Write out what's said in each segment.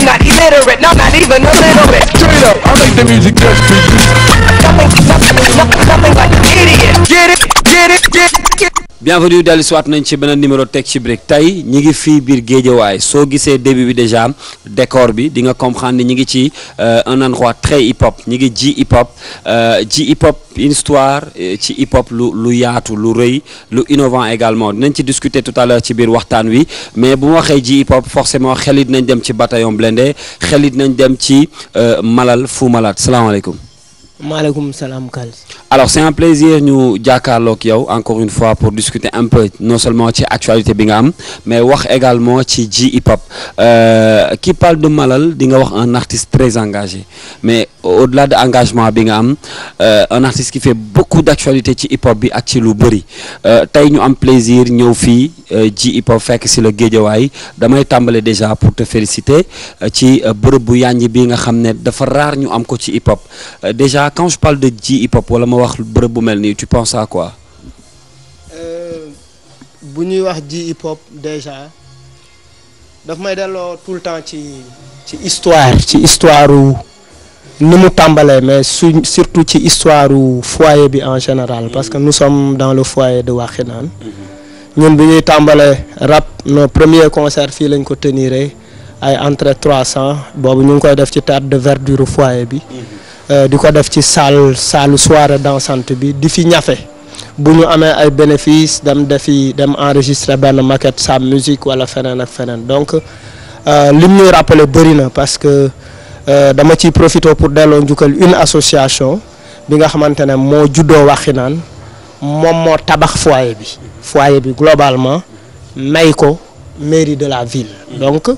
am not illiterate, no, not even a little bit. Turn it up, I make the music that's big. Nothing, nothing, nothing, nothing like an idiot. Get it, get it, get it, get it. bienvenue dellu si nañ ci beneen numéro Tek Chi Brick tey ñi ngi fii biir géejawaay soo gisee début bi déjà décor bi di nga comprendre ni ñi ngi ci euh, un endroit très hip hop ñi ngi ji hip hop euh, ji hip hop une histoire euh, ci hip hop lu lu yaatu lu rëy lu innovant également dinañ ci discuter tout à ci biir waxtaan wi mais bu ma waxee ji hip hop forcément xelit nañ dem ci bataillon blindé xelit nañ dem ci Malal Fou Malade salaamaaleykum maaleykum salaam Kals. alors c'est un plaisir ñu jàkkaarloog yow encore une fois pour discuter un peu non seulement ci actualité bi nga am mais wax également ci ji hip hop euh, qui parle de Malal dinga wax un artiste très engagé au-delà de engagement bi nga am euh, un artiste qui fait beaucoup d'actualité ci hip hop bi ak ci lu bari euh, tey ñu am plaisir ñëw fii euh, ji hip hop fekk si la géejawaay damay tàmbale déjà pour te féliciter ci bërëb bu yànj bi nga xam ne dafa raar ñu am ko ci hip hop déjà quand je parle de ji hip hop wala ma wax bërëb bu mel nii tu penses à bu ñuy wax ji hip hop déjà daf may delloo tout le temps ci ci histoire ci histoire ni mu tàmbalee mais suñ surtout ci histoire u foyer bi en général parce que nous sommes dans le foyer de naan ñun bi ñuy tàmbalee rap nos premiers concerts fii lañ ko teniree ay trois 300 boobu ñu ngi koy def ci théâtre de verdure foyer bi mm-hmm. euh, di ko def ci salle salle soirée dansante bi di fi ñafe bu ñu amee ay bénéfices dem defi dem enregistrer benn maquette sa musique wala feneen ak feneen donc euh, lim ñuy rappeler bëri na parce que Euh, dama ciy profité pour delloo njukkal une association bi nga xamante ne moo juddoo naan moom moo tabax foyer bi foyer bi globalement may ko mairie de la ville donc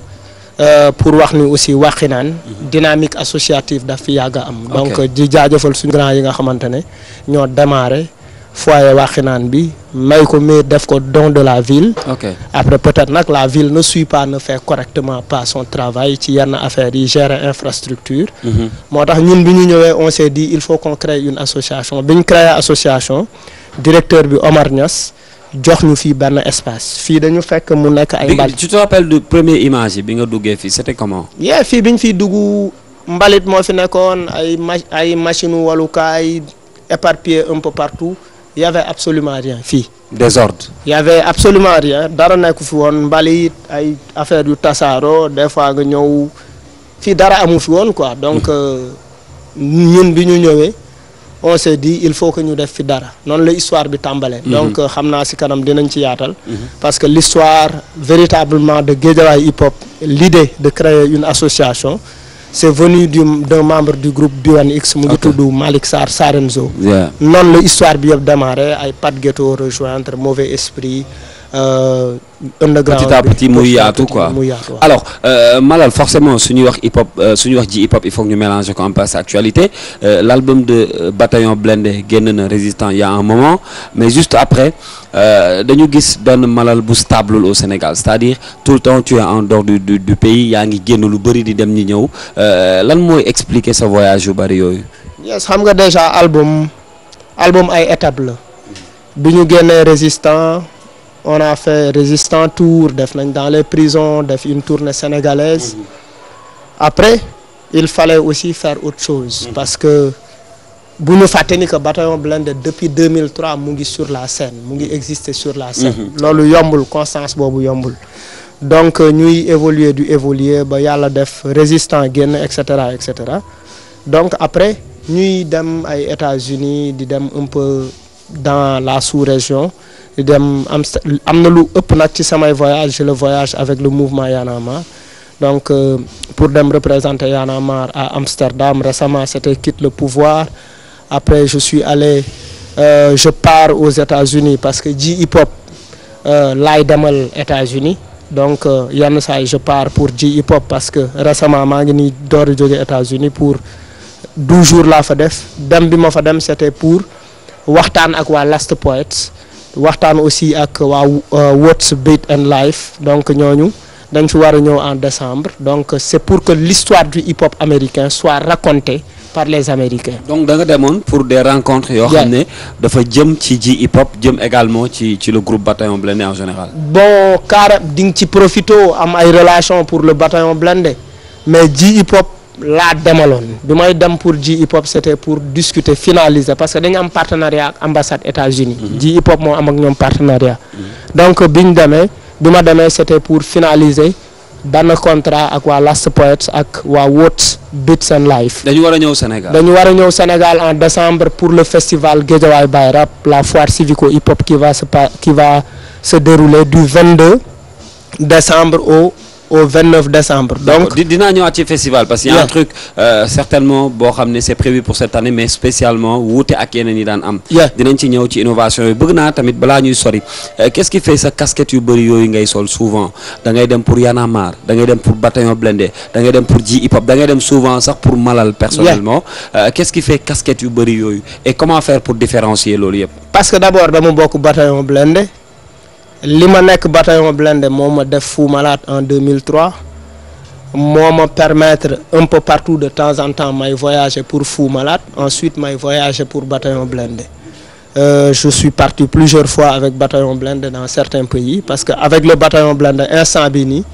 euh, pour wax ni aussi Waxinaan dynamique associative daf fi yàgg am donc di jaajëfal suñu grand yi nga xamante ne ñoo démarré foyer naan bi may ko mais def ko don de la ville. ok après peut-être nag la ville ne suit pas ne fait correctement pas son travail ci yenn affaire yi gérer infrastructure. Mhm. moo tax ñun bi ñu ñëwee on s'est dit il faut qu'on crée une association bi ñu créé association directeur bi Omar Niass jox ñu fii benn espace fii dañu fekk mu nekk ay. mbalit tu te rappelles du premier image yi bi nga duggee fii c'était comment. yeah fii bi ñu fiy dugg mbalit moo fi nekkoon ay ma ay machine walukaay éparpillé un peu partout. y avait absolument rien fii. désordre. y avait absolument rien dara nekku fi woon mbalit ay affaire yu tasaaroo des fois nga ñëw fii dara amu fi woon quoi donc hmm. euh, ñun bi ñu ñëwee on s'est dit il faut que ñu def fi dara noonu la histoire bi tàmbalee. Hmm. donc euh, xam naa si kanam dinañ ci yaatal. Hmm. parce que l'histoire véritablement de Guédiawaye hip hop l'idée de créer une association. c' est venu du membre du group B1X mu ngi tudd Malick Sarr Sarenzo noonu la histoire bi yëpp démarré ay Pat Ghetto rejoindre Mauvais Esprit Euh, underground petit à petit muy yaatu quoi muy yaatu alors euh, Malal forcément suñuy wax hip hop euh, suñuy wax ji hip hop il faut que ñu mélanger ko en passe actualité l' de Bataillon Blindé génn na résistant il y a un moment mais juste après dañu gis benn Malal bu stable au Sénégal c' est à dire tout le temps tu es en dehors du du, du pays yaa ngi génn lu bëri di dem ñi ñëw lan mooy expliquer sa voyage yu bëri yooyu. yes xam nga déjà album ay étape la bi ñu génnee résistant. on a résistant tour def nañ dans les prisons def une tournée sénégalaise mhm. après il fallait aussi faire autre chose mhm. parce que bu ñu fàtte ni que bataillon blindé depuis 2003 mu ngi sur la scène mu ngi exister sur la scène mhm. loolu yombul constance boobu yombul donc euh, ñuy évoluer du évoluer ba yàlla def résistant génn et cetera et cetera donc après ñuy dem ay États-Unis di dem un peu dans la sous-région dem am am na lu ëpp nag ci samay voyage je le voyage avec le mouvement Y'en a donc euh, pour dem représenter Y'en a marre à Amsterdam récemment c'était quitte le pouvoir après je suis allé euh, je pars aux États-Unis parce que ji hip hop euh, laay demal États-Unis donc euh, yenn saa yi je pars pour ji hip hop parce que récemment maa ngi ni door a jóge États-Unis pour douze jours laa fa def dem bi ma fa dem c'était pour waxtaan ak waa Last Poets waxtaan aussi ak waa euh, What's Beat and Life donc ñooñu dañ fi war a ñëw en décembre donc c'est pour que l'histoire du hip hop américain soit racontée par les américains. donc danga demoon pour des rencontres yoo xam ne dafa jëm ci ji hip hop jëm également ci ci le groupe Bataillon Blindé en général. bon car di nga ci profito am ay relation pour le Bataillon Blindé mais ji hip hop. laa demaloon bi may dem pour ji hip hop c'était pour discuter finaliser parce que dañu am partenariat ak ambassade États-Unis mhm. ji hip hop moo am ak ñoom partenariat mhm. donc bi ma demee c'était pour finaliser benn contrat ak waa Last Poets ak waa Woods Beats and Life. dañu war a ñëw Sénégal dañu war a ñëw Sénégal en décembre pour le festival Guédiawaye Baye Rap la foire civico hip hop qui va se qui va se dérouler du 22 décembre au au 29 décembre. donc dinaa ñëwaat ci festival parce que y' a un truc euh, certainement boo xam ne c' prévu pour cette année mais spécialement wuute ak yeneen yi daan am. dinañ ci ñëw ci innovation yi bëgg naa tamit bala ñuy sori euh, qu' est ce qui fait sa casquette yu bëri yooyu ngay sol souvent da ngay dem pour yanamar a dem pour Bataillon Blindé da ngay dem pour ji hip hop da dem souvent sax pour Malal. personnellement euh, qu' est ce qui fait casquette yu bëri yooyu et comment faire pour différencier loolu yëpp. li ma nekk bataillon blindé moom ma def Fou Malade en 2003 moo ma permettre un peu partout de temps en temps may voyager pour Fou Malade ensuite may voyager pour bataillon blindé euh, je suis parti plusieurs fois avec bataillon blindé dans certains pays parce que avec le bataillon blindé instant bi nii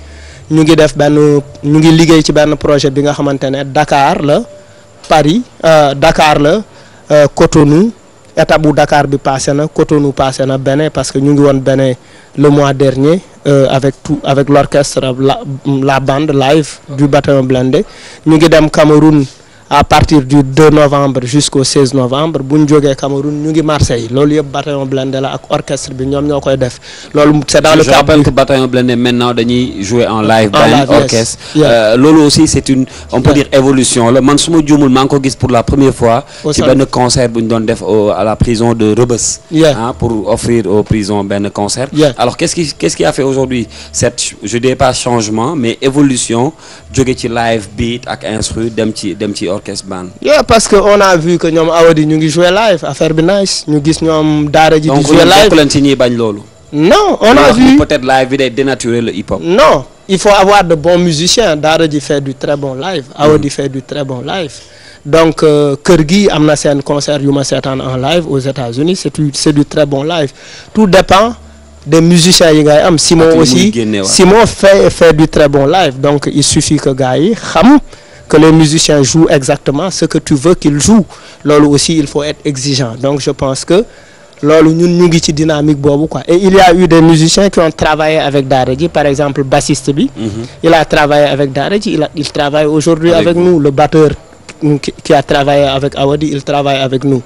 ñu ngi def benn ñu ngi liggéey ci benn projet bi nga xamante ne Dakar la Paris euh, Dakar la euh, Cotonou étape bu Dakar bi passé na Cotonou passé na Bénin parce que ñu ngi woon Bénin le mois dernier euh, avec tout avec l'orchestre la la bande live du bataillon blindé ñu ngi dem Cameroun à partir du 2 novembre jusqu'au novembre bu ñu jógee Cameroun ñu ngi Marseille loolu yëpp bataillon blindé ak orchestre bi ñoom ñoo koy def loolu c'est dans le cadre je rappelle que bataillon blindé maintenant jouer en live band orchestre euh, loolu aussi c'est une on peut dire évolution la man su jumul juumul maa ngi ko gis pour la première fois ci benn concert bu ñu doon def à la prison de Rebeuss ah pour offrir aux prisons benn concert alors qu'est-ce qui qu'est-ce qui a fait aujourd'hui mais évolution jóge ci live beat ak instru dem ci dem ci orchestre band. yeah parce que on a vu que ñoom Awadi ñu gis ñoom Daara ji. di jouer live non on a vu non il faut avoir de bons musiciens Daara ji fait du très bon live. Awadi mm. fait du très bon live. donc euh, kër gi am na seen concert yu ma seetaan en live aux États-Unis c'est du c'est bon live tout dépend. des musiciens yi ngay am Simon aussi Simon fait du très bon live donc il suffit que gars yi xam que les musiciens jouent exactement ce que tu veux qu'ils jouent loolu aussi il faut être exigeant donc je pense que loolu ñun ñu ngi ci dynamique boobu quoi et il y a eu des musiciens qui ont travaillé avec Daara par exemple bassiste bi mm -hmm. il a travaillé avec Daara J il a, il travaille aujourd'hui avec, avec nous le batteur qui a travaillé avec Awadi il travaille avec nous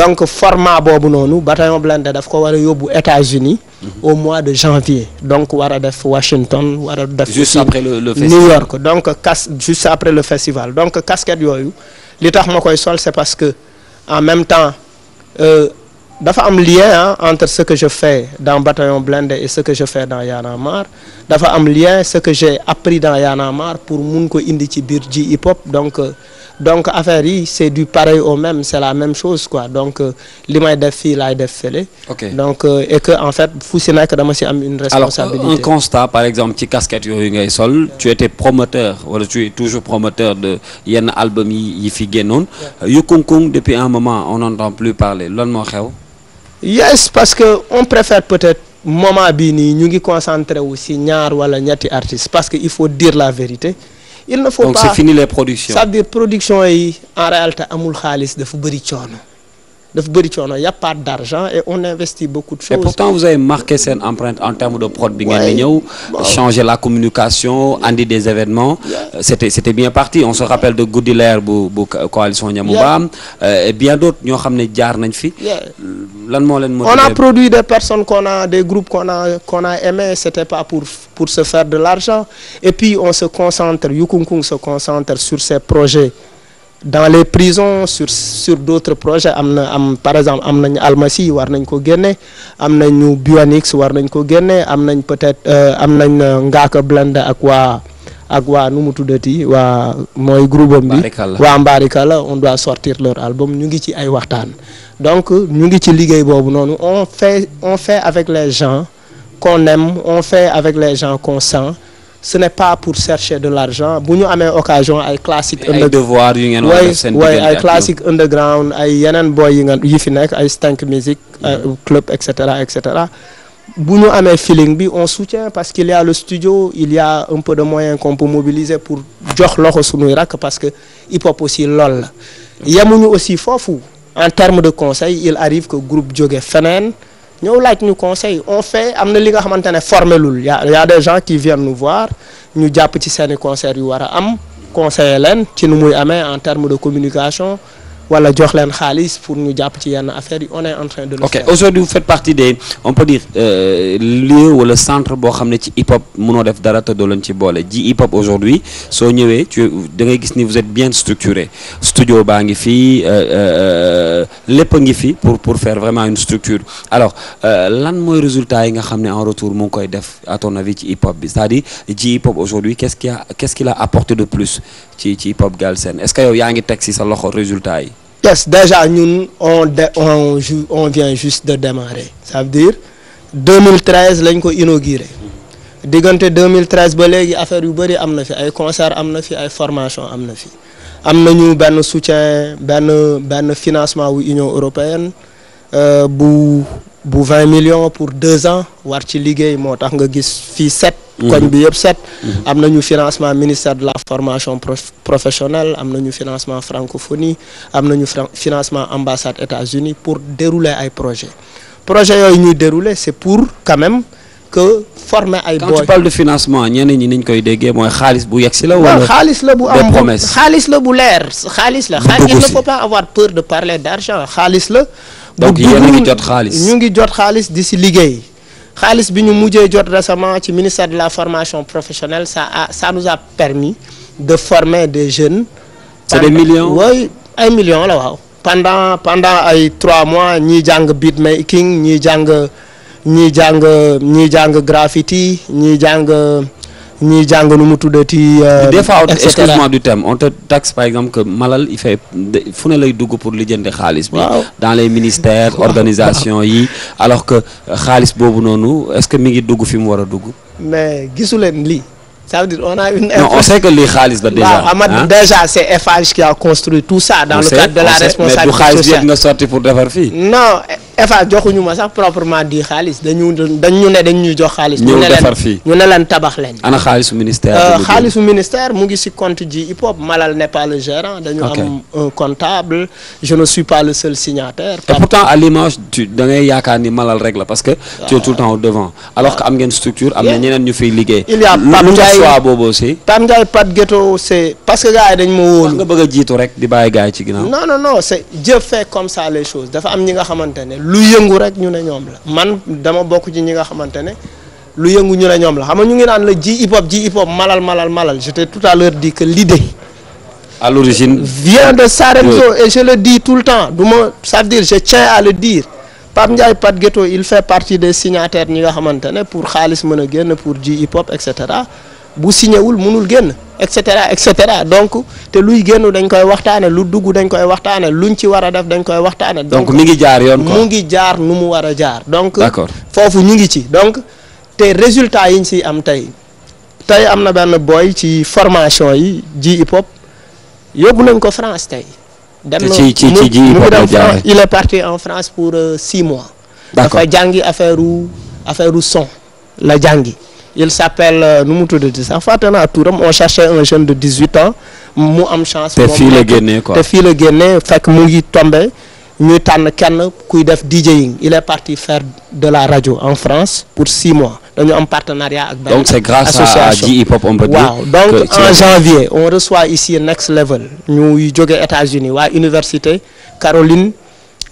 donc format boobu noonu Bataillon Blindé daf ko war a yóbbu États-Unis Mhm. au mois de janvier donc war a def Washington war a def. juste après le le festival New York donc cas après le festival donc casquette yooyu li tax ma koy sol c'est parce que en même temps euh, dafa am lien entre ce que je fais dans Bataillon Blindé et ce que je fais dans Y'en dafa am lien ce que j'ai appris dans Y'en pour mun ko indi ci biir ji hip hop donc. Euh, donc affaire yi c' est du pareil au même c' la même chose quoi donc euh, li may def fii laay def fële. ok donc euh, et que en fait fu si nekk dama si am une responsabilité. alors un constat par exemple ci casquette yooyu ngay sol tu étais promoteur wala tu es toujours promoteur de yenn album yi yi fi génnoon. Yukunkung depuis un moment on n'entend plus parler lan moo xew. yes parce que on préfère peut-être. moment bii nii ñu ngi concentré wu si ñaar wala ñetti artistes parce que il faut dire la vérité il ne faut donc pas donc production yi en réalité amul xaalis dafa bëri coono. dafa bëri coono y' a pas d' argent et on investit beaucoup de choses. et pourtant vous avez marqué seen empreinte en termes de prod bi ngeen di ñëw. changer la communication andi des événements. c' était c' bien parti on se rappelle de guddi leer bu bu coalition ñamu baam. Euh, et bien d' autres ñoo xam ne jaar nañ fi. lan moo leen motivé. on a produit des personnes qu'on a des groupes qu'on a qu'on a aimé c' était pas pour pour se faire de l'argent et puis on se concentre Yukunkung se concentre sur ses projets. dans les prisons sur sur d'autres projets am na am par exemple am nañ Almasi war nañ ko génne am nañu Bionix war nañ ko génne am nañ peut-être euh, am nañ Ngaaka Blinde ak waa ak waa nu mu tuddati waa mooy groupe am waa Mbarikala on doit sortir leur album ñu ngi ci ay waxtaan donc ñu ngi ci liggéey boobu noonu on fait on fait avec les gens qu'on aime on fait avec les gens qu'on sent ce n'est pas pour chercher de l'argent bu ñu amee occasion ay classique ay devoir yu ngeen war a def seen diggante ak ay classique underground ay yeneen boy yi nga yi fi nekk ay stank music mm. club et cetera et cetera bu ñu amee feeling bi on soutient parce qu'il y a le studio il y a un peu de moyens qu'on peut mobiliser pour jox loxo suñuy rakk parce que hip hop aussi lool la mm. yemuñu aussi foofu en termes de conseil il arrive que groupe joge feneen ñëw laaj ñu conseil on fait am na li nga xamante ne formé lul ya y a des gens qui viennent nous voir ñu jàpp ci seeni conseils yu war a am conseiller leen ci nu muy amee en terme de communication wala jox leen xaalis pour ñu jàpp ci yenn affaires yi on est en train de le okay. faire. ok aujourd'hui vous partie des on peut dire euh, lieu wala centre boo xam ne ci hip hop mënoo def dara te doo ci boole ji hip hop aujourd'hui soo ñëwee tu da gis ni vous êtes bien baa ngi fii euh, euh, lépp a ngi fi pour pour faire vraiment une structure alors lan mooy résultat yi nga xam ne en retour mu ngi koy def à ci hip hop bi ci à dire ji hip hop aujourd'hui qu'est-ce qu'il a quest de plus ci ci hip hop seen est-ce que yaa ngi teg si sa loxo résultat yi yes déjà ñun on de on ju on vient juste de démarrer ça veut dire 2013 lañ ko inauguré diggante 2013 ba léegi affaire yu bëri am na fi ay concert am na fi ay formation am na fi am nañu benn soutien benn benn financement wu Union européenne euh, bu bu 20 millions pour deux ans war ci liggéey moo tax nga gis fii sept koñ bi yëpp set mhm. am nañu financement ministère de la formation professionnelle am nañu financement francophonie am nañu financement ambassade États-Unis pour dérouler ay projet projet yooyu ñuy dérouler c'est pour quand même que former ay booy. quand tu de financement ñeneen ñi niñ koy déggee mooy xaalis bu si la. wala xaalis la bu am promesse xaalis la bu leer xaalis la. xaalis il peur de parler d'argent xaalis la. bu dugg yéen a ngi jot xaalis. ñu ngi jot xaalis di si liggéey. xaalis bi ñu mujjee jot récemment ci ministère de la formation professionnelle ça a ça nous a permis de former des jeunes. c'est des million oui ay millions la waaw. pendant pendant ay trois mois ñii jàng beat making ñii jàng ñii jàng ñii jàng graffiti ñii jàng. ñuy jàng nu mu tuddati. Euh, des fois excuse-moi du terme on te par exemple que Malal il fu ne lay dugg pour lijjanti xaalis bi. dans les ministères organisations yi alors que xaalis boobu noonu est-ce que mi ngi dugg fi mu war a dugg. mais gisu leen lii. ça veut dire on a une. non lii xaalis la déjà. waaw déjà c'est FH qui a construit tout ça. dans le cadre de la responsabilité du xaalis bi nga sorti pour defar fii. EFA joxuñu ma sax proprement di xaalis dañu dañu ne dañ ñuy jox xaalis. ñu ne leen ñu ne leen tabax leen. ana xaalisu ministère. Euh, xaalisu ministère mu ngi ci compte ji IPOP Malal n'est pas le gérant. dañu am un comptable je ne suis pas le seul signataire. et pourtant à l'image tu da ngay yaakaar ni Malal rek la parce que. Ah. tu tout le temps au devant. alors que am ngeen structure am na ñeneen ñu fiy liggéey. il y a Pam Ndiaye Pat Ghetto c'est parce que dañ ma wóolu. a am nga xamante ne lu yëngu rek ñu ne ñoom la man dama bokk ci ñi nga xamante ne lu yëngu ñu ne ñoom la xam nga ñu ngi naan la ji hip hop ji hip hop malal malal malal je t'ai tout à l'heure dit que l'idée à l'origine vient de et je le dis tout le temps du ma c'est-à-dire je tiens à le dire Pape Ndiaye Pat Ghetto il fait partie des signataires ñi nga xamante ne pour xaalis mën a génn pour ji hip hop et cetera bu signewul munul génn et cetera et cetera donc te luy génn dañ koy waxtaane lu dugg dañ koy waxtaane luñ ci war a def dañ koy waxtaane donc mi ngi jaar yoon mu ngi jaar nu mu war a jaar donc foofu ñu ngi ci donc te résultat yi yiñ si am tey tey am na benn boy ci formation yi ji hip hop yóbbu nañ ko France tey dem ci ci ci ji hip hop il est parti en France pour euh, six mois dafa jàngi affaire u affaire u son la jàngi il s'appelle euh, nu mu tuddati sax fàtte naa turam on cherchait un jeune de dix-huit ans mu am chance. te fii la génnee quoi te fii le génnee fekk mu ngi tombé ñuy tànn kenn kuy def DJing il est parti faire de la radio en France pour six mois dañu am partenariat ak. benn association donc on peut dire waaw donc en janvier on reçoit ici Next Level ñuy jóge États-Unis waa université Caroline.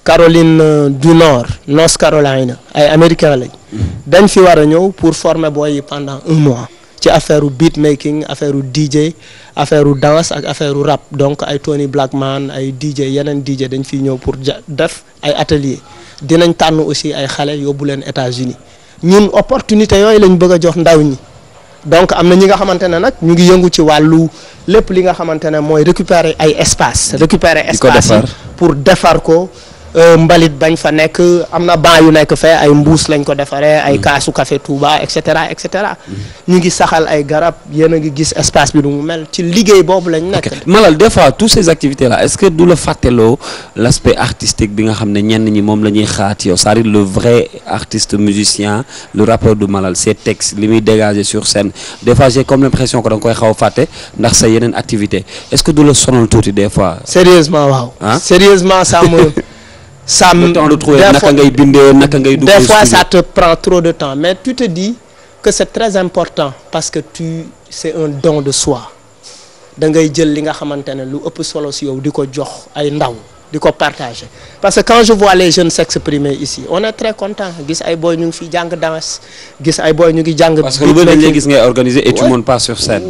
Caroline euh, du Nord North Carolina ay américain lañ dañ fi war a ñëw pour former booy yi pendant un mois ci affaire u beat making affaire u DJ affaire u danse ak affaire u rap donc ay Tony Blackman ay DJ yeneen DJ dañ fiy ñëw pour def ay atelier dinañ tànn aussi ay xale yóbbu leen États-Unis ñun opportunité yooyu lañ bëgg a jox ndaw ñi donc am na ñi nga xamante ne nag ñu ngi yëngu ci wàllu lépp li nga xamante ne mooy récupérer ay espace récupérer espace yi pour defar ko Euh, mbalit bañ fa nekk am na ban yu nekk fee ay mbuus lañ ko defaree ay mm. kaasu café Touba et cetera et cetera mm. ñu ngi saxal ay garab yéen a ngi gis espace bi du mu mel ci liggéey boobu lañ nekk Malal des fois toutes ces activités là que du la fàtteloo l'aspect artistique bi nga xam ne ñenn ñi moom la ñuy xaat yow c'est-à-dire le vrai artiste musicien lu rappeur du Malal ses textes li muy dégager sur scène des fois comme l'impression ko da nga koy xaw a fàtte ndax sa yeneen activité est-ce que du la sonol tuuti des fois ça me des fois ça te prend trop de temps mais tu te dis que c'est très important parce que tu c'est un don de soi da ngay jël li nga xamante ne lu ëpp solo si yow di ko jox ay ndaw di ko partager parce que quand je vois les jeunes s'exprimer ici on est très content gis ay boy ñu ngi fi jàng danse gis ay boy ñu ngi jàng. parce que lu bëri dañ gis ngay organiser et tout sur scène.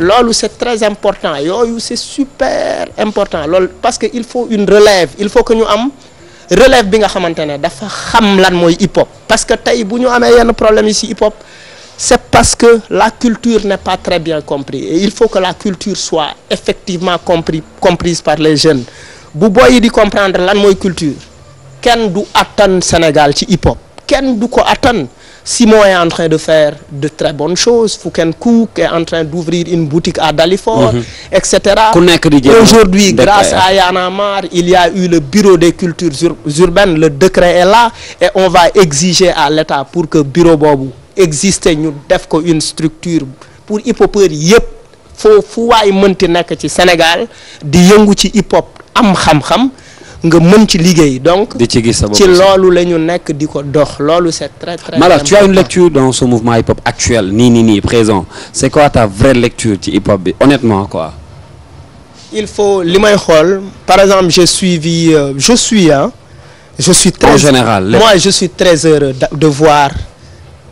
loolu c'est très important yooyu c'est super important loolu parce que il faut une relève il faut que ñu am. relève bi nga xamante ne dafa xam lan mooy hip hop parce que tey bu ñu amee yenn problème yi hip hop c'est parce que la culture n'est pas très bien comprise et il faut que la culture soit effectivement compris comprise par les jeunes bu boy yi di comprendre lan mooy culture kenn du attan Sénégal ci hip hop kenn du ko attan Simon est en train de faire de très bonnes choses Fouken Kouk est en train d'ouvrir une boutique à Dalifort mm -hmm. etc aujourd'hui grâce à Yann Amar il y a eu le bureau des cultures ur urbaines le décret est là et on va exiger à l'État pour que bureau boobu exister ñu def ko une structure pour hip hopeurs yëpp foo fu waay mënti nekk ci Sénégal di yëngu ci hip hop am xam-xam nga mën ci liggéey donc. di ci gis sa bopp loolu la ñu nekk di ko dox loolu c'est très très. Malar tu as une lecture dans mouvement hip hop actuel nii nii nii présent c'est quoi ta vraie lecture ci hip hop bi honnêtement quoi. il faut li may xool par exemple j'ai suivi euh, je suis très en général moi je suis très de voir.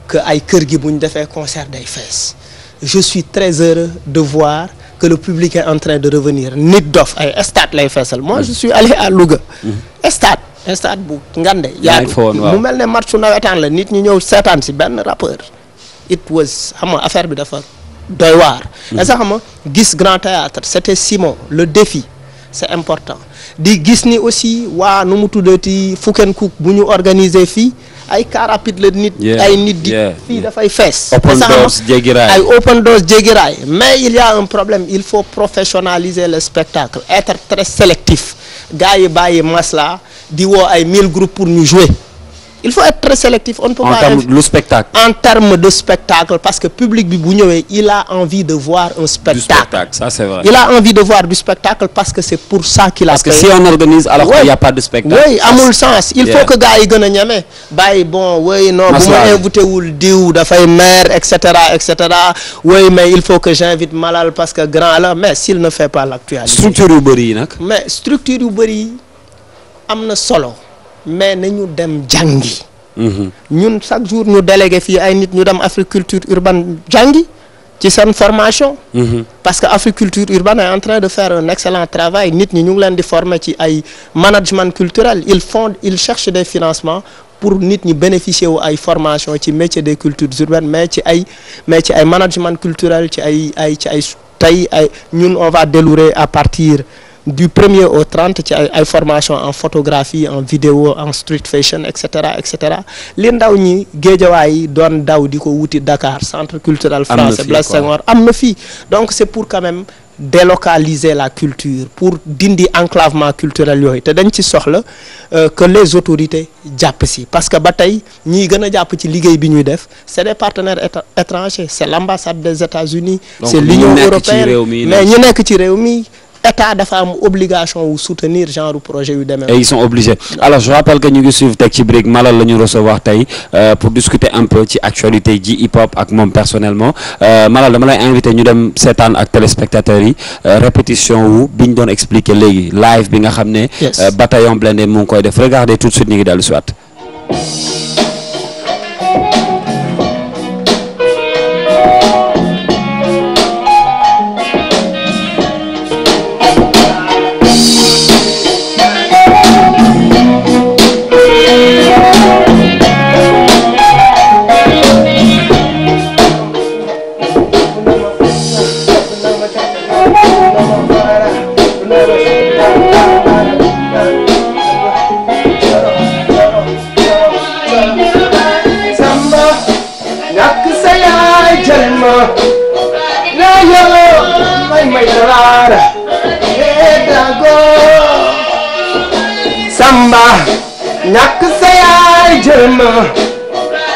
que ay kër gi bu ñu defee concert day fees je suis très heureux de voir que le public est en train de revenir nit dof ay stade lay feesal moi je suis allé à Louga mhm. stade stade bu ngande yaatu mu mel ne match nawetaan la nit ñi ñëw seetaan si benn rappeur it was xam affaire bi dafa doy waar a mhm. sax xam nga gis grand théâtre c'était Simon le défi c'est important di gis ni aussi waa nu mu tuddati Fuk n Kook bu ñu organiser fii ay car rapide le nit. ay nit di fii dafay fees. open doors jégiraay ay open mais il y un problème il faut professionnaliser le spectacle être très sélectif gars yi bàyyi masla di woo ay mille groupes pour ñu jouer. il faut être très sélectif on ne peut en pas terme de spectacle en termes de spectacle parce que public bi bu ñëwee il a envie de voir un spectacle, du spectacle ça c'est vrai il a envie de voir du spectacle parce que c'est pour ça qu'il a parce si on organise alors y a pas de spectacle oui amul sens il faut que gars yi gën a ñeme bàyyi bon oui non bu ma invité wul diw dafay maire et cetera et cetera oui mais il faut que j'invite Malal parce que grand la mais s'il ne fait pas l'actualité structure yu bëri yi nag mais structure yu bëri am na solo mais ñu dem jàngi. Mhm. ñun chaque jour ñu délégué fii ay nit ñu dem agriculture urbaine jàngi ci seen formation. Mhm. parce que agriculture urbaine est en train de faire un excellent travail nit ñi ñu ngi leen di former ci ay management culturel il font ils cherchent des financements. pour nit ñi bénéficier wu ay formation ci métier des cultures urbaines mais ci ay mais ci ay management culturel ci ay ay ci ay tey ay ñun on va délourer à partir du premier au trente ci ay formation en photographie en vidéo en street fashion et cetera li ndaw ñi géejawaay doon daw di ko wuti Dakar centre culturel français Blaise Senghor am na fii donc c'est pour quand même délocaliser la culture pour dindi enclavement culturel yooyu te dañ ci soxla euh, que les autorités jàpp si parce que ba tey ñiy gën a jàpp ci liggéey bi ñuy def c'est des partenaires étrangers c'est l'ambassade des États-Unis c'est l'Union européenne état dafa am obligation wu soutenir genre projet yu demee. et ils sont obligés je rappelle que ñu ngi suivre Tek Ci Brique Malal la ñu recevoir tey euh, pour discuter un peu ci actualité ji hip hop ak moom personnellement euh, Malal dama lay invité ñu dem seetaan ak téléspectateurs yi euh, répétition wu bi ñu doon expliquer léegi live bi nga xam ne. Bataillon Blindé mu ngi koy def regardez tout de suite ñu ngi dellu si may samba ñàkk sa yaay jërma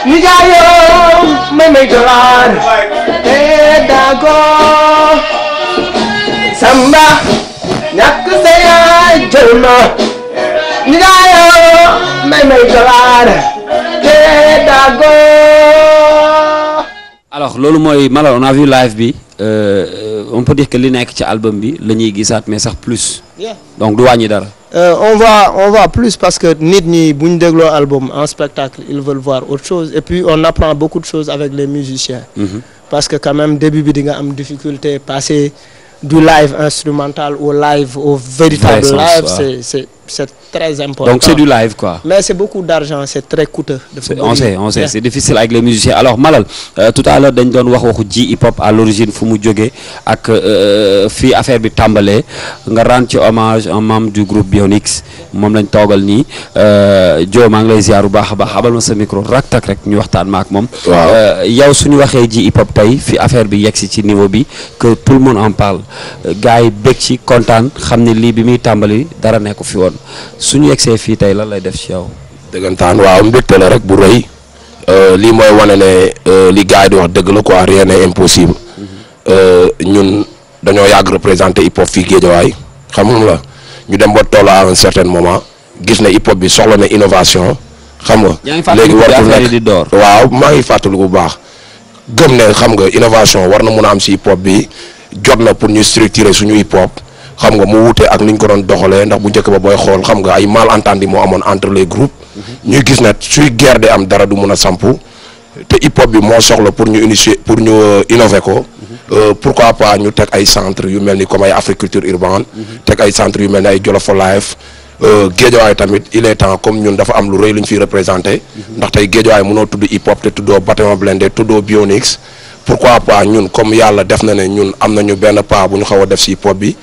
ni jaayoo may may dollar hee loolu mooy mala on a live bi euh, on peut dire que li nekk ci album bi la gisaat mais sax plus. donc du wàññi dara. Euh, on va plus parce que nit ñi bu ñu dégloo album en spectacle ils veulent voir autre chose et puis on apprend beaucoup de choses avec les musiciens. Mm-hmm. parce que quand même début bi di nga am difficulté passer du live instrumental au live au véritable live c'est c'est très important. Donc c'est du live quoi. Mais c'est beaucoup d'argent, c'est très coûteux. On sait, on difficile avec les musiciens. Alors Malal, euh, tout à l'heure dañ doon wax waxu ji hip hop à l'origine fu mu jógee ak euh, fii affaire bi tàmbalee nga rendre ci hommage un membre du groupe Bionix moom lañ toogal nii Dio euh, maa ngi lay ziar bu baax a baax abal ma sa micro rak tak rek ñu waxtaan ma ak moom. yow suñu waxee ji hip hop tey fi affaire bi yegg si ci niveau bi que tout le monde en parle gars yi bég ci kontaan xam ne lii bi muy tàmbali dara nekku fi woon. suñu yegsee fii tey lan lay def ci yow. dëggantaan waaw mbégte la rek bu rëy euh, lii mooy wane ne euh, li gars yi di wax dëgg la quoi rien n'est impossible mm-hmm. euh, ñun dañoo yàgg représenté hip hop fii Géejawaay xam la ñu dem ba toll à un certain moment gis ne hip hop bi soxla na innovation xam nga. léegi wartul nekk waaw maa ngi fàttali bu baax. gëm ne xam nga innovation war na mun a am si hip hop bi jot na pour ñu structurer suñu hip hop. xam nga mu wutee ak ni ñu ko doon doxalee ndax bu njëkk ba booy xool xam nga ay mal malentendu moo amoon entre les groupes. Mhm. ñuy gis na suy guerre di am dara du mën a sampu te hip hop bi moo soxla pour ñu initier pour ñu euh, innover ko. pour mhm. euh, pourquoi pas ñu teg ay centre yu mel ni comme ay culture urbaine. Mhm. teg ay centre yu mel ni ay Jolof for Life. Euh, géejawaay tamit il est temps comme ñun dafa am lu rëy lu ñu fiy représenté. ndax tey géejawaay mënoo tudd hip hop te tuddoo bâtiment blindé tuddoo Bionix. pourquoi pas ñun comme yàlla def na ne ñun am nañu benn pas bu ñu xaw a def si hip bi.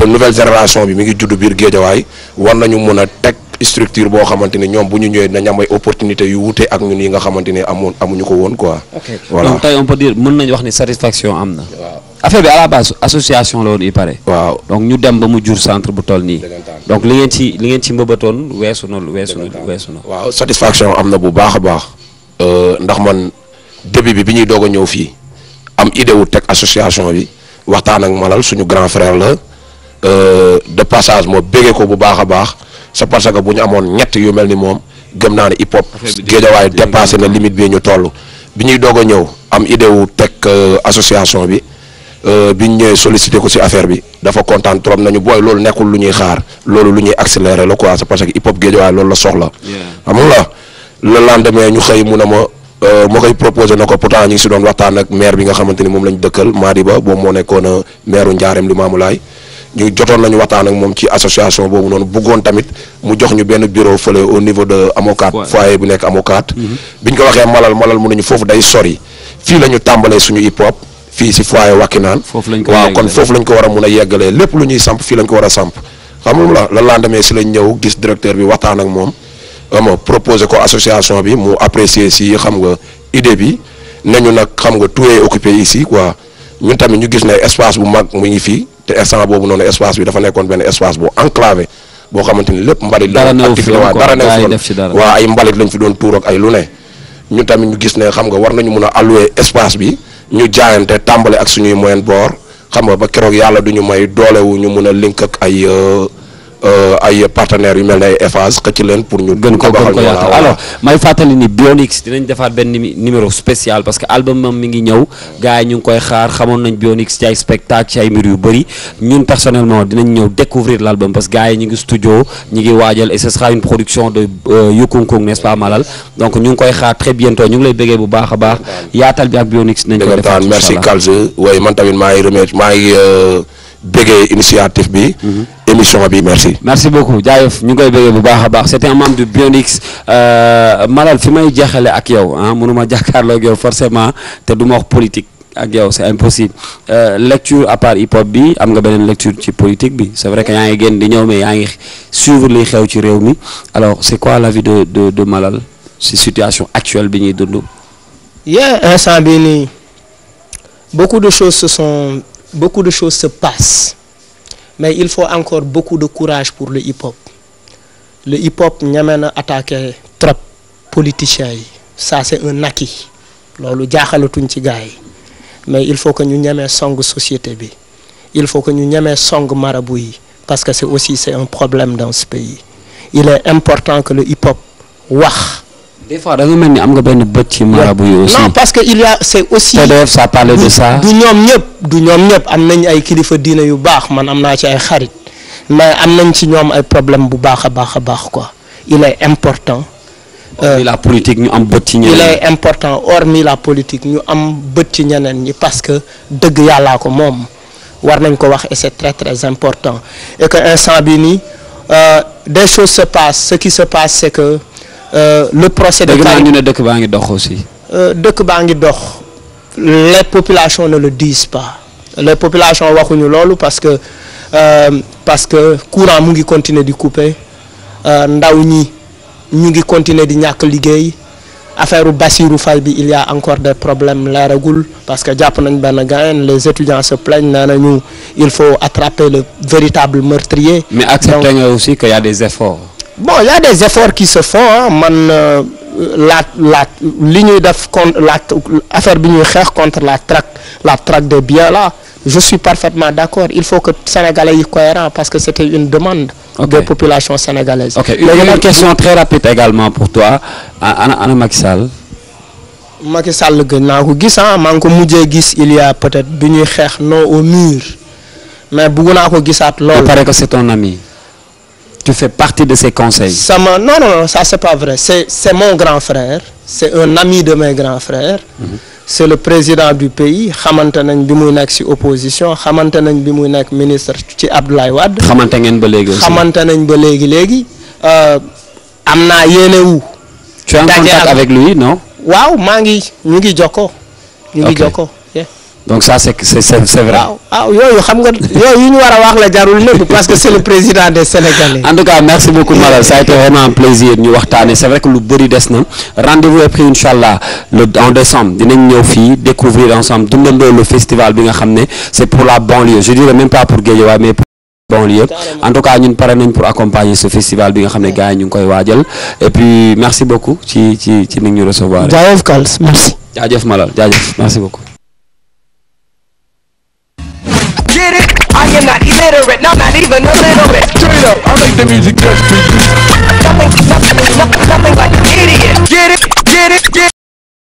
te nouvelle génération bi mi ngi juddu biir géejawaay war na ñu mun a teg structure boo xamante ni ñoom bu ñu ñëwee dinañ am ay opportunité yu wute ak ñun yi nga xamante ni amoon amuñu ko woon quoi. voilà donc tey on peut dire mën nañu wax ni satisfaction am na. waaw bi à la base association la woon yi pare. waaw donc ñu dem ba mu jur centre bu toll nii. donc li ngeen ci li ngeen ci mbëbatoon weesu na weesu na weesu na. waaw satisfaction am na bu baax a baax. Euh, ndax man début bi bi ñuy doog a ñëw fii am idée wu teg association bi waxtaan ak malal suñu grand la. Euh, de passage moo béggee ko bu baax a baax sa parce que bu ñu amoon ñett yu mel ni moom gëm naa ne hip hop géejawaay dépassé na limite bi ñu toll bi ñuy doog a ñëw am idée wu teg euh, association bi euh, bi ñu ñëwee sollicité ko ci affaire bi dafa kontaan trop nañu booy loolu nekkul lu ñuy xaar loolu lu ñuy accéléré la quoi c'est parce que hip hop géejawaay loolu la soxla xam nga le lendemain ñu xëy mu a ma ma koy proposé na ko pourtant ñu ngi ci doon waxtaan ak maire bi nga xamante ni moom lañ dëkkal Madiba boobu moo nekkoon maire u Ndiarème Limamoulaye ñu jotoon nañu waxtaan ak moom ci association boobu noonu bëggoon tamit mu jox ñu benn bureau fële au niveau de Amokat foyer bu nekk Amokat mhm. biñ ko waxee malal malal mu nañu foofu day sori fii la ñu tàmbalee suñu hip hop fii si foyer Wakinaan waaw kon foofu lañ ko war a mun a yeggalee lépp lu ñuy samp fii lañ ko war a xam xamul la la lendemain si lañ ñëw gis directeur bi waxtaan ak moom ama proposé ko association bi mu apprécier si xam nga idé bi nañu nag xam nga tout est occupé ici quoi tamit ñu gis ne espace bu mag mu ngi fii te instant boobu noonu espace bi dafa nekkoon benn espace bu enclavé boo xamante ni mbalit la activité waa fi waa ay mbalit fi doon tuur ak ay ne ñu tamit ñu gis ne xam nga war nañu mun a allouer espace bi ñu jaayante tàmbale ak suñuy moyen bord xam nga ba keroog yàlla duñu may doolewu ñu mun a link ak ay euh, Euh, ay partenaires yu mel ne ay Eiffage leen pour ñu. gën ko gën ko yaatal alors may fàttali ni Bionix dinañ defaat benn numéro spécial parce que album am mi ngi ñëw gars ñu ngi koy xaar xamoon nañ Bionix ci ay spectacle ci ay mbir yu bëri ñun personnellement dinañ ñëw découvrir l' parce que gars yi ñu ngi studio ñu ngi waajal et ce sera une production de euh, Yukunkung n' est ce pas Malal donc ñu ngi koy xaar très bientôt ñu ngi lay bëggee bu baax a baax yaatal bi ak Bionix. nañ ko defaat man tamit maa ngi remercié bégee initiative bi. émission bi merci. merci beaucoup jaajëf ñu ngi koy bu baax a baax c'était un du Bionix euh, Malal fi may jeexale ak yow ah mënuma jàkkaarloo ak yow forcément te du ma wax politique ak yow c'est impossible euh, lecture à part hip hop bi am nga beneen lecture ci politique bi c'est vrai que yaa ngi génn di ñëw mais yaa ngi suivre liy xew ci réew mi alors c'est quoi l'avis de de de Malal ci situation actuelle bi ñuy dund. yaa instant bii nii beaucoup de choses beaucoup de choses se passent mais il faut encore beaucoup de courage pour le hip-hop le hip-hop ñeme na attaque trop politiciens yi ça c'est un acquis loolu jaaxalatuñ ci gars yi mais il faut que ñu ñemee song société bi il faut que ñu ñemee song marabu yi parce que c'est aussi c'est un problème dans ce pays il est important que le hip-hop wax des fois da nga mel ni am nga benn bët ci marabu yi aussi parce que il y a aussi. TDF ça de ça. du ñoom ñëpp du ñoom ñëpp am nañ ay kilifa diina yu baax man am naa ci ay xarit mais am nañ ci ñoom ay problème bu baax a baax a baax ko il est important. Euh, hormis la politique ñu am bët ci ñeneen il est la politique ñu am bët ci ñeneen ñi parce que dëgg yàllaa ko moom war nañ ko wax et c' est très très important et que instant bi nii euh, des choses se passent ce qui se passe c' que. Euh, le procès de Karim ñu ne dëkk baa ngi dox aussi. Euh, dëkk baa ngi dox les populations ne le disent pas les populations waxuñu loolu parce que euh, parce que courant mu ngi continuer di couper ndaw ñi ñu ngi continuer di ñàkk liggéey affaire Bassirou Faye bi il y a encore des problèmes leeragul parce que jàpp nañ benn gain les étudiants se plaignent nee nañu il faut attraper le véritable meurtrier. mais accepter nga aussi qu'il y des efforts. bon y a des efforts qui se font man euh, la la li ñuy def contre la affaire bi ñuy xeex contre la trac la traque de biens là je suis parfaitement d'accord il faut que sénégalais yi cohérent parce que c'était une demande okay. des populations sénégalaises ok une, une, question très rapide également pour toi ana ana Macky Sall Macky Sall gën naa ko gis ah. maa ngi ko mujjee gis il y a peut-être bi ñuy xeex non au mur mais bëgg naa ko gisaat loolu que c'est ton ami Tu fais partie de ses conseils. Ça non, non, non, ça c'est pas vrai. C'est mon grand frère. C'est un ami de mes grands frères. Mhm. C'est le président du pays. xamante nañ bi muy nekk ci opposition xamante nañ bi muy nekk ministre ci Abdoulaye Wade. xamante ngeen ba léegi xamante nañ ba léegi léegi. Euh, am naa yéene wu. tu en contact avec lui non. waaw maa ngi ñu ngi jokkoo. donc ça c'est c'est vrai. yooyu xam nga yooyu yu ñu war a wax la jarul lépp parce que c'est le président des Sénégalais. en tout cas merci beaucoup Malal ça a vraiment plaisir ñu waxtaanee c'est vrai que lu bëri des na rendez-vous est pris allah le en décembre dinañ ñëw fii découvrir ensemble dundandoo le festival bi nga xam ne c'est pour la banlieue je dirais même pas pour Guédiawaye mais pour banlieue en tout cas ñun pare nañ pour accompagner bi nga xam ne gars yi ñu koy waajal et merci beaucoup ci ci ci ni ñu recevoir. jaajëf Kals merci. jaajëf Malal jaajëf am not illiterate, no, not even a little bit. Straight up, I make the music that's for you. Nothing, nothing, nothing, nothing like an idiot. Get it, get it, get it.